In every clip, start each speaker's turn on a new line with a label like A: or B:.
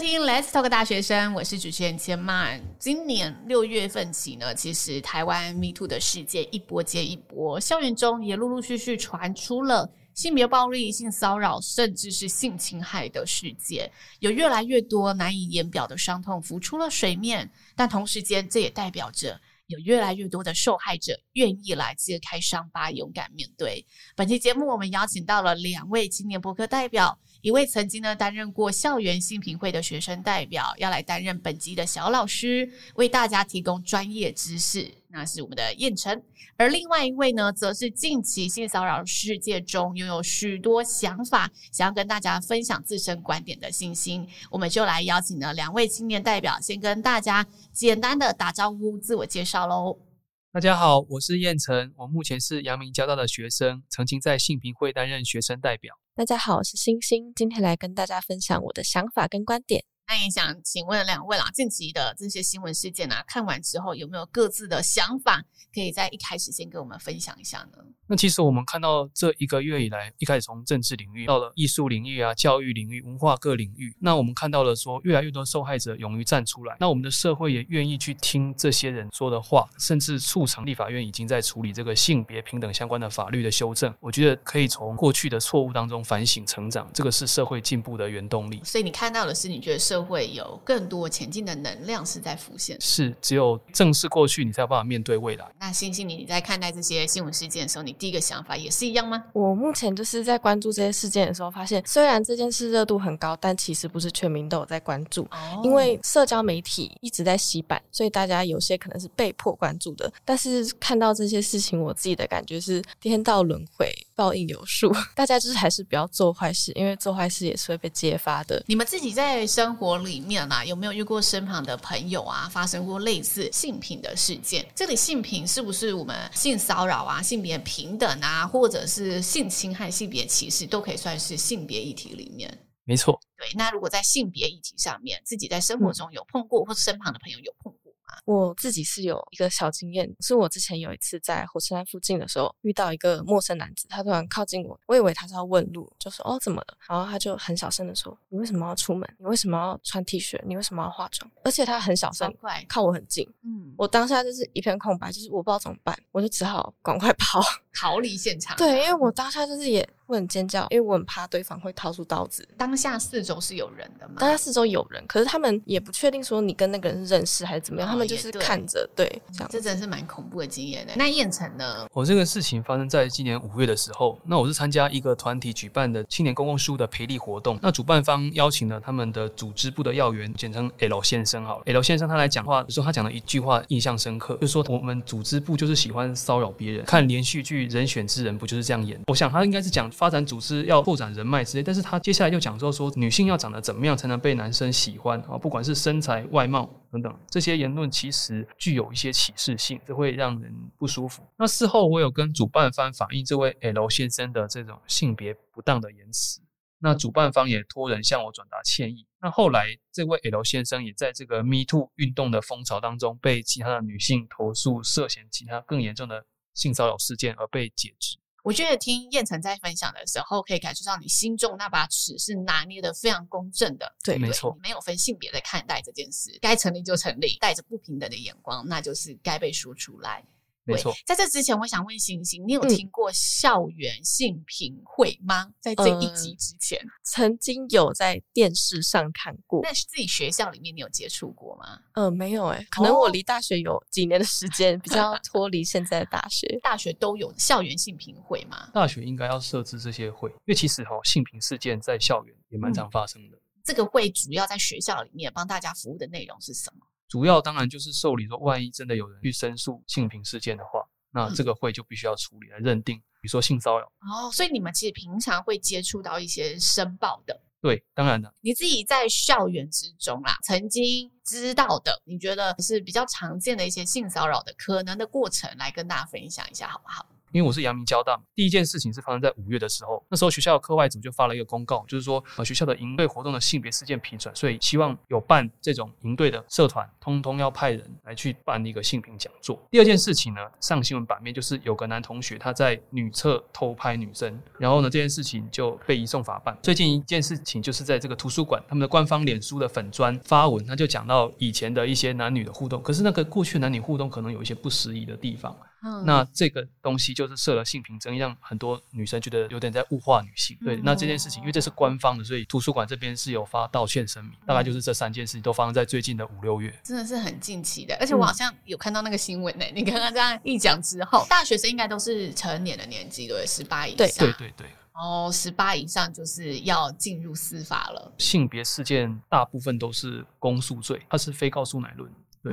A: 聽 Let's Talk 大學生，我是主持人千曼。今年六月份起呢，其實台灣 Me Too 的事件一波接一波，校園中也陸陸續續傳出了性別暴力、性騷擾，甚至是性侵害的事件，有越來越多難以言表的傷痛浮出了水面。但同時間，這也代表着有越來越多的受害者願意來揭開傷疤，勇敢面對。本期節目，我們邀請到了兩位青年播客代表。一位曾經呢擔任過校園性平會的學生代表，要來擔任本集的小老師，為大家提供專業知識。那是我們的彥丞，而另外一位呢，則是近期性騷擾事件中擁有許多想法，想要跟大家分享自身觀點的欣欣。我們就來邀請了兩位青年代表，先跟大家簡單的打招呼、自我介紹嘍。
B: 大家好，我是彥丞，我目前是陽明交大的學生，曾經在性平會擔任學生代表。
C: 大家好，我是欣欣，今天來跟大家分享我的想法跟觀點。
A: 那也想請問兩位啦，近期的這些新聞事件啊，看完之後有沒有各自的想法，可以在一開始先跟我們分享一下呢？
B: 那其實我們看到這一個月以來，一開始從政治領域到了藝術領域啊，教育領域、文化各領域，那我們看到了說越來越多受害者勇於站出來，那我們的社會也願意去聽這些人說的話，甚至促成立法院已經在處理這個性別平等相關的法律的修正。我覺得可以從過去的錯誤當中反省成長，這個是社會進步的原動力。
A: 所以你看到的是，你覺得社會都會有更多前進的能量是在浮現。
B: 是，只有正視過去，你才有辦法面對未來。
A: 那欣欣，你你在看待這些新聞事件的時候，你第一個想法也是一樣嗎？我目前就是在關注這些事件的時候，發現雖然這件事熱度很高，但其實不
C: 是全民都有在關注，哦、因為社交媒體一直在洗版，所以大家有些可能是被迫關注的。但是看到這些事情，我自己的感覺是天道輪回。
A: 報應有數，大家就是還是不要
C: 做壞事，因為做壞事也是會被揭發的。你
A: 們自己在生活裡面啊，有沒有遇過身旁的朋友啊，發生過類似性平的事件？這裡性平是不是我們性騷擾啊、性別平等啊，或者是性侵害、性別歧視，都可以算是性別議題裡面？
B: 沒錯，
A: 對。那如果在性別議題上面，自己在生活中有碰過，嗯、或身旁的朋友有碰過。我自己是
C: 有一個小經驗，是我之前有一次在火車站附近的時候遇到一個陌生男子，他突然靠近我，我以為他是要問路，就說哦怎麼了，然後他就很小聲的說你為什麼要出門？你為什麼要穿 T 恤？你為什麼要化妝？而且他很小聲，靠我很近，嗯，我當下就是一片空白，就是我不知道怎麼辦，我就只好趕快跑
A: 逃離現場。對，
C: 因為我當下就是也。我很尖叫，因為我很怕對方會掏出刀子。
A: 當下四周是有人的嗎？當下
C: 四周有人，可是他們也不確定說你跟那個人認識還是怎麼樣，哦、他們就是看着，對，對
A: 這這真的是蠻恐怖的經驗嘞。那彥丞呢？
B: 我這個事情發生在今年五月的時候，那我是參加一個團體舉辦的青年公共事務的培力活動，那主辦方邀請了他們的組織部的要員，簡稱 L 先生好了。L 先生他來講話的時候，就是、說他講了一句話印象深刻，就是說我們組織部就是喜歡騷擾別人，看連續劇《人選之人》不就是這樣演？我想他應該是講。發展組織要拓展人脈之類，但是他接下來又講說說女性要長得怎麼樣才能被男生喜歡啊，不管是身材、外貌等等，這些言論其實具有一些歧視性，這會讓人不舒服。那事後我有跟主辦方反映這位 L 先生的這種性別不當的言辭，那主辦方也托人向我轉達歉意。那後來這位 L 先生也在這個 Me Too 運動的風潮當中，被其他的女性投訴涉嫌其他更嚴重的性騷擾事件而被解職。
A: 我覺得聽彥丞在分享的時候，可以感受到你心中那把尺是拿捏的非常公正的，對，對對沒錯，你沒有分性別的看待這件事，該成立就成立，帶着不平等的眼光，那就是該被說出來。沒錯，在這之前，我想問欣欣，你有聽過校園性平會嗎？嗯、在這一集之前、呃，曾經有在
C: 電視上
A: 看過，但是自己學校裡面你有接觸過嗎？
C: 嗯、呃，沒有誒、欸，可能我離大
A: 學有幾年的時間，哦、比較脫離現在的大學。 大學都有校園性平會嗎？大學
B: 應該要設置這些會，因為其實哈、哦，性平事件在校園也蠻常發生的、
A: 嗯。這個會主要在學校裡面幫大家服務的內容是什麼？
B: 主要當然就是受理，說萬一真的有人去申訴性平事件的話，那這個會就必須要處理來認定，比如說性騷擾。
A: 哦，所以你們其實平常會接觸到一些申報的，
B: 對，當然了。
A: 你自己在校園之中啦，曾經知道的，你覺得是比較常見的一些性騷擾的可能的過程，來跟大家分享一下，好不好？
B: 因為我是陽明交大嘛，第一件事情是發生在五月的時候，那時候學校課外組就發了一個公告，就是說呃學校的營隊活動的性別事件頻傳，所以希望有辦這種營隊的社團，通通要派人來去辦一個性平講座。第二件事情呢，上新聞版面就是有個男同學他在女廁偷拍女生，然後呢這件事情就被移送法辦。最近一件事情就是在這個圖書館，他們的官方臉書的粉專發文，他就講到以前的一些男女的互動，可是那個過去男女互動可能有一些不適宜的地方。嗯、那這個東西就是設了性平針，讓很多女生覺得有點在物化女性。對，嗯、那這件事情，因為這是官方的，所以圖書館這邊是有發道歉聲明。嗯、大概就是這三件事情都發生在最近的五六月，
A: 真的是很近期的。而且我好像有看到那個新聞呢、欸。嗯、你剛剛這樣一講之後，大學生應該都是成年的年紀，對，十八以上。對，對對對。哦，十八以上就是要進入司法了。
B: 性別事件大部分都是公訴罪，它是非告訴乃論。對對，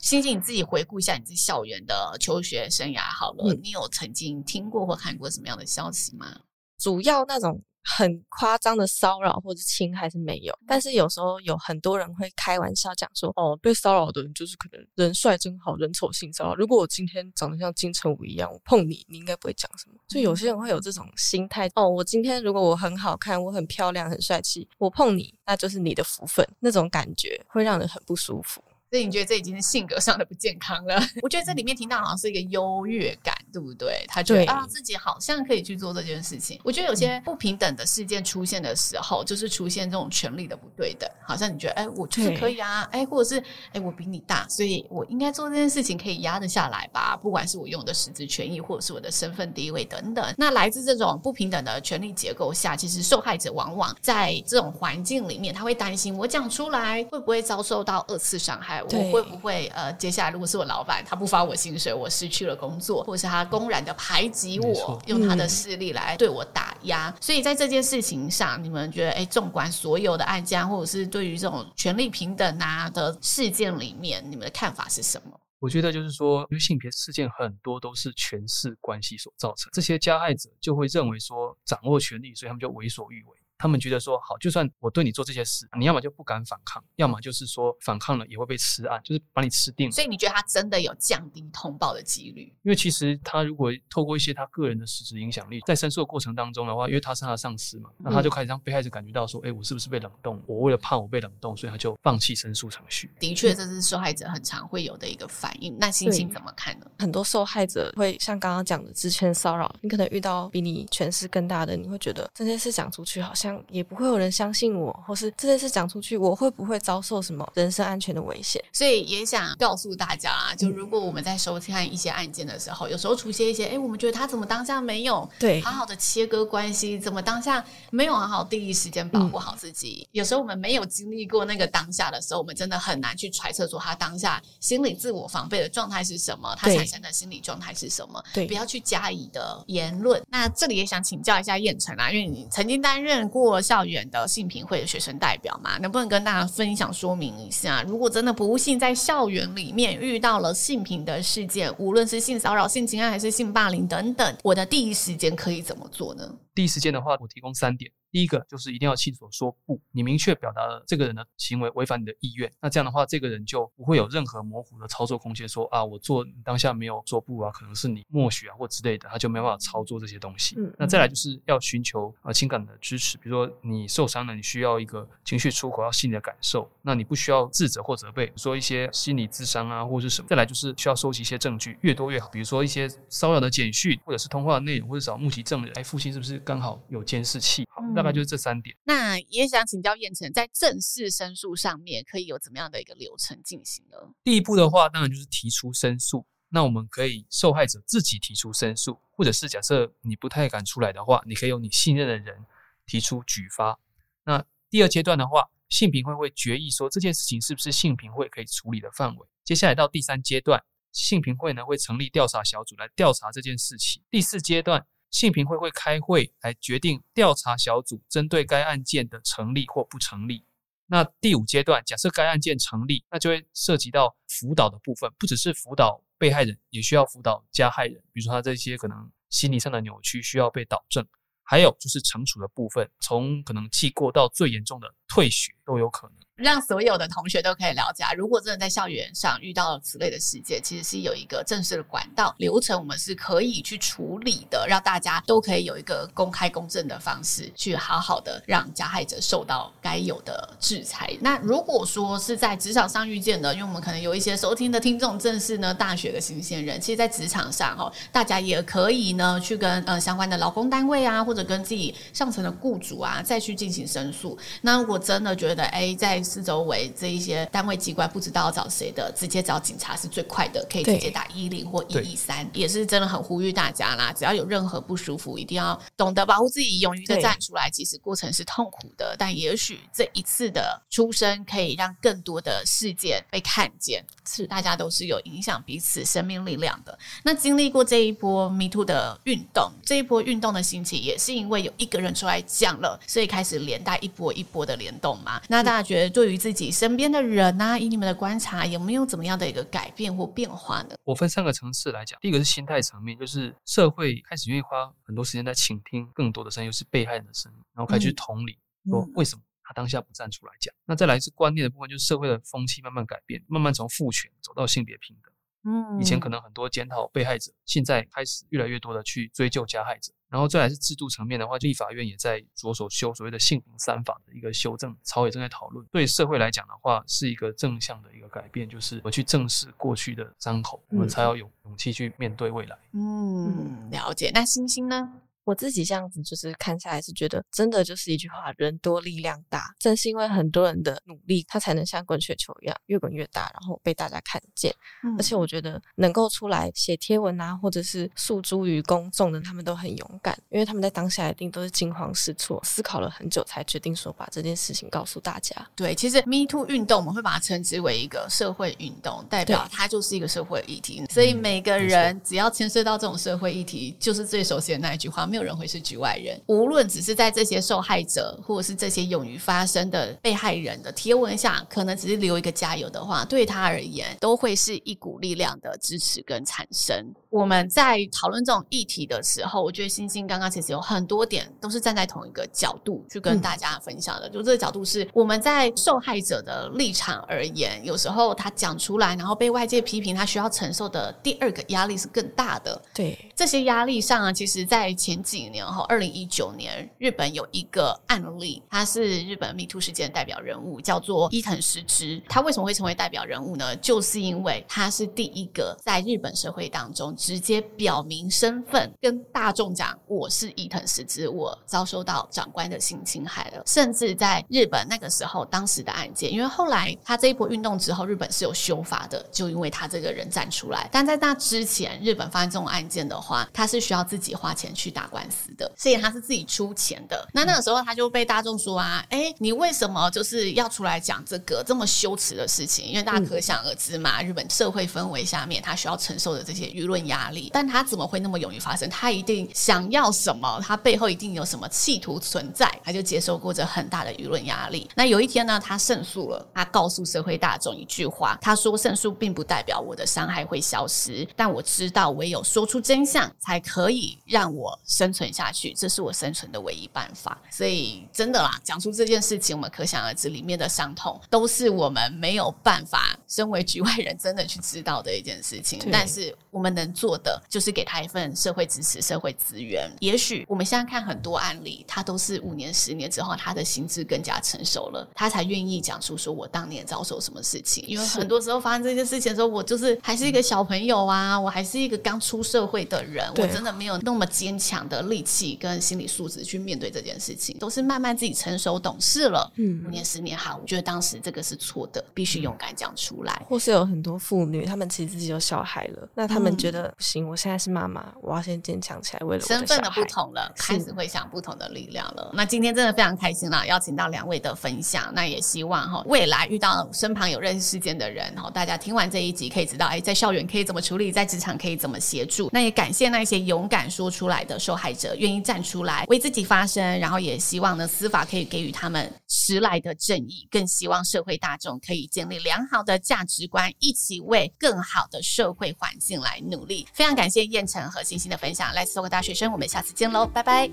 A: 欣欣，嗯，對你自己回顧一下你這校園的求學生涯好了。嗯、你有曾經聽過或看過什麼樣的消息嗎？
C: 主要那種很誇張的騷擾或者親還是沒有。嗯、但是有時候有很多人會開玩笑講說：“嗯、哦，被騷擾的人就是可能人帥真好人醜性騷擾。”如果我今天長得像金城武一樣，我碰你，你應該不會講什麼。嗯、就有些人會有這種心態：“嗯、哦，我今天如果我很好看，我很漂亮，很帥氣，我碰你，那就是你的福分。”那種感覺會讓人很不舒服。
A: 所以你覺得這已經是性格上的不健康了？我覺得這裡面聽到好像是一個優越感，對不對？他覺得對啊，自己好像可以去做這件事情。我覺得有些不平等的事件出現的時候，就是出現這種權力的不對等。好像你覺得哎，我就是可以啊，對哎，或者是哎，我比你大，所以我應該做這件事情可以壓得下來吧？不管是我用的實質權益，或者是我的身份地位等等。那來自這種不平等的權力結構下，其實受害者往往在這種環境裡面，他會擔心我講出來會不會遭受到二次傷害？對我會不會呃，接下來如果是我老闆，他不發我薪水，我失去了工作，或是他公然的排擠我，錯用他的勢力來對我打壓。嗯，所以在這件事情上，你們覺得哎，縱觀所有的案件，或者是對於這種權力平等啊的事件裡面，你們的看法是什麼？
B: 我覺得就是說，因為性別事件很多都是權勢關係所造成，這些加害者就會認為說，掌握權力，所以他們就為所欲為。他們覺得說好，就算我對你做這些事，你要麼就不敢反抗，要麼就是說反抗了也會被吃案，就是把你吃定了。
A: 所以你覺得他真的有降低通報的幾率？因
B: 為其實他如果透過一些他個人的實質影響力，在申訴的過程當中的話，因為他是他的上司嘛，那他就開始讓被害者感覺到說，哎、嗯，我是不是被冷凍？我為了怕我被冷凍，所以他就放棄申訴程序。
A: 的確，這是受害者很常會有的一個反應。那欣欣對怎麼看呢？很多受害者會像剛剛講的職權騷擾，你可能遇到比你權
C: 勢更大的，你會覺得這件事講出去好像。也不會有人相信我，或是這件事講出去，我會不會遭受什麼人身安全的危險？
A: 所以也想告訴大家啊，就如果我們在收看一些案件的時候，嗯、有時候出現一些，哎、欸，我們覺得他怎麼當下沒有對好好的切割關係，對怎麼當下沒有好好的第一時間保護好自己？嗯、有時候我們沒有經歷過那個當下的時候，我們真的很難去揣測出他當下心理自我防備的狀態是什麼，他產生的心理狀態是什麼？對，不要去加以的言論。對那這裡也想請教一下彥丞啊，因為你曾經擔任。過校園的性平會的學生代表嗎？能不能跟大家分享說明一下？如果真的不幸在校園裡面遇到了性平的事件，無論是性騷擾、性侵害還是性霸凌等等，我的第一時間可以怎麼做呢？
B: 第一時間的話，我提供三點。第一個就是一定要清楚說不，你明確表達了這個人的行為違反你的意願，那這樣的話，這個人就不會有任何模糊的操作空間，說啊，我做你當下沒有說不啊，可能是你默許啊或之類的，他就沒辦法操作這些東西、嗯。那再來就是要尋求啊情感的支持，比如說你受傷了，你需要一個情緒出口，要心理的感受，那你不需要自責或責備，說一些心理諮商啊或是什麼。再來就是需要收集一些證據，越多越好，比如說一些騷擾的簡訊或者是通話內容，或者是找目擊證人，哎，父親是不是剛好有監視器好、嗯？好，那。那就是這三點。
A: 那也想請教彥丞，在正式申訴上面可以有怎麼樣的一個流程進行呢？
B: 第一步的話，當然就是提出申訴。那我們可以受害者自己提出申訴，或者是假設你不太敢出來的話，你可以由你信任的人提出舉發。那第二階段的話，性平會會決議說這件事情是不是性平會可以處理的範圍。接下來到第三階段，性平會呢會成立調查小組來調查這件事情。第四階段，性平會會開會來決定調查小組針對該案件的成立或不成立。那第五階段，假設該案件成立，那就會涉及到輔導的部分，不只是輔導被害人，也需要輔導加害人。比如說，他這些可能心理上的扭曲需要被導正，還有就是懲處的部分，從可能記過到最嚴重的。退學都有可
A: 能，讓所有的同學都可以了解，如果真的在校園上遇到了此類的事件，其實是有一個正式的管道流程，我們是可以去處理的，讓大家都可以有一個公開公正的方式去好好的讓加害者受到該有的制裁。那如果說是在職場上遇見的，因為我們可能有一些收聽的聽眾正是呢大學的新鮮人，其實，在職場上哈、哦，大家也可以呢去跟呃相關的勞工單位啊，或者跟自己上層的雇主啊，再去進行申訴。那如果。我真的覺得，哎、欸，在四周圍這一些單位機關不知道找誰的，直接找警察是最快的，可以直接打一一零或一一三，也是真的很呼籲大家啦。只要有任何不舒服，一定要懂得保護自己，勇於的站出來。對其實過程是痛苦的，但也許這一次的出生可以讓更多的事件被看見，是大家都是有影響彼此生命力量的。那經歷過這一波 MeToo 的運動，這一波運動的心情，也是因為有一個人出來講了，所以開始連帶一波一波的連。聯動，那大家覺得對於自己身邊的人吶、啊，以你們的觀察，有沒有怎麼樣的一個改變或變化呢？
B: 我分三個層次來講，第一個是心態層面，就是社會開始願意花很多時間在傾聽更多的聲音，又、就是被害人的聲音，然後開始去同理，嗯、說為什麼他當下不站出來講？嗯、那再來是觀念的部分，就是社會的風氣慢慢改變，慢慢從父權走到性別平等。嗯，以前可能很多檢討被害者，現在開始越來越多的去追究加害者，然後再來是制度層面的話，立法院也在着手修所謂的性平三法的一個修正，朝野正在討論。對社會來講的話，是一個正向的一個改變，就是我去正視過去的傷口，我們才要有勇氣去面對未來
A: 嗯。嗯，了解。那欣欣呢？我自己這樣
C: 子就是看下來是覺得，真的就是一句話，人多力量大。正是因為很多人的努力，它才能像滾雪球一樣越滾越大，然後被大家看見。嗯、而且我覺得能夠出來寫貼文啊，或者是訴諸於公眾的，他們都很勇敢，因為他們在當下一定都是驚慌失措，思考了很久才決定說把這件事情告訴大家。
A: 對，其實 Me Too 運動，我們會把它稱之為一個社會運動，代表它就是一個社會議題。對所以每個人只要牽涉到這種社會議題，就是最熟悉的那一句話。沒有人會是局外人，無論只是在這些受害者，或者是這些勇於發聲的被害人的貼文下，可能只是留一個加油的話，對他而言都會是一股力量的支持跟產生。我們在討論這種議題的時候，我覺得欣欣剛剛其實有很多點都是站在同一個角度去跟大家分享的，嗯、就這個角度是我們在受害者的立場而言，有時候他講出來，然後被外界批評，他需要承受的第二個壓力是更大的。對。這些壓力上啊，其實，在前幾年哈，二零一九年日本有一個案例，他是日本 MeToo 事件的代表人物，叫做伊藤詩織。他為什麼會成為代表人物呢？就是因為他是第一個在日本社會當中直接表明身份，跟大眾講我是伊藤詩織，我遭受到長官的性侵害了。甚至在日本那個時候，當時的案件，因為後來他這一波運動之後，日本是有修法的，就因為他這個人站出來。但在那之前，日本發生這種案件的話。花他是需要自己花錢去打官司的，所以他是自己出錢的。那那個時候他就被大眾說啊，哎、欸，你為什麼就是要出來講這個這麼羞恥的事情？因為大家可想而知嘛，日本社會氛圍下面他需要承受的這些輿論壓力。但他怎麼會那麼容易發生？他一定想要什麼？他背後一定有什麼企圖存在？他就接受過這很大的輿論壓力。那有一天呢，他勝訴了，他告訴社會大眾一句話：他說勝訴並不代表我的傷害會消失，但我知道唯有說出真相。才可以讓我生存下去，這是我生存的唯一辦法。所以，真的啦，講出這件事情，我們可想而知裡面的傷痛，都是我們沒有辦法，身為局外人，真的去知道的一件事情。對但是，我們能做的就是給他一份社會支持、社會資源。也許我們現在看很多案例，他都是五年、十年之後，他的心智更加成熟了，他才願意講出說我當年遭受什麼事情。因為很多時候發生這件事情的時候，是我就是還是一個小朋友啊，我還是一個剛出社會的人。人對我真的沒有那麼堅強的力氣跟心理素質去面對這件事情，都是慢慢自己成熟懂事了。五、嗯、年、十年好，我覺得當時這個是錯的，必須勇敢講出來。
C: 嗯、或是有很多婦女，她們其實自己有小孩了，
A: 那她們覺得、嗯、不行，我現在是媽媽，我要先堅強起來。為了我身份的不同了，開始會想不同的力量了。是那今天真的非常開心啦，邀請到兩位的分享。那也希望哈，未來遇到身旁有認識事件的人，哈，大家聽完這一集可以知道，哎，在校園可以怎麼處理，在職場可以怎麼協助。那也感。謝那些勇敢說出來的受害者，願意站出來為自己發聲，然後也希望呢，司法可以給予他們遲來的正義，更希望社會大眾可以建立良好的價值觀，一起為更好的社會環境來努力。非常感謝彥丞和欣欣的分享，Let's Talk 大學生，我們下次見嘍，拜拜，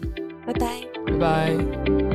A: 拜
B: 拜，拜拜。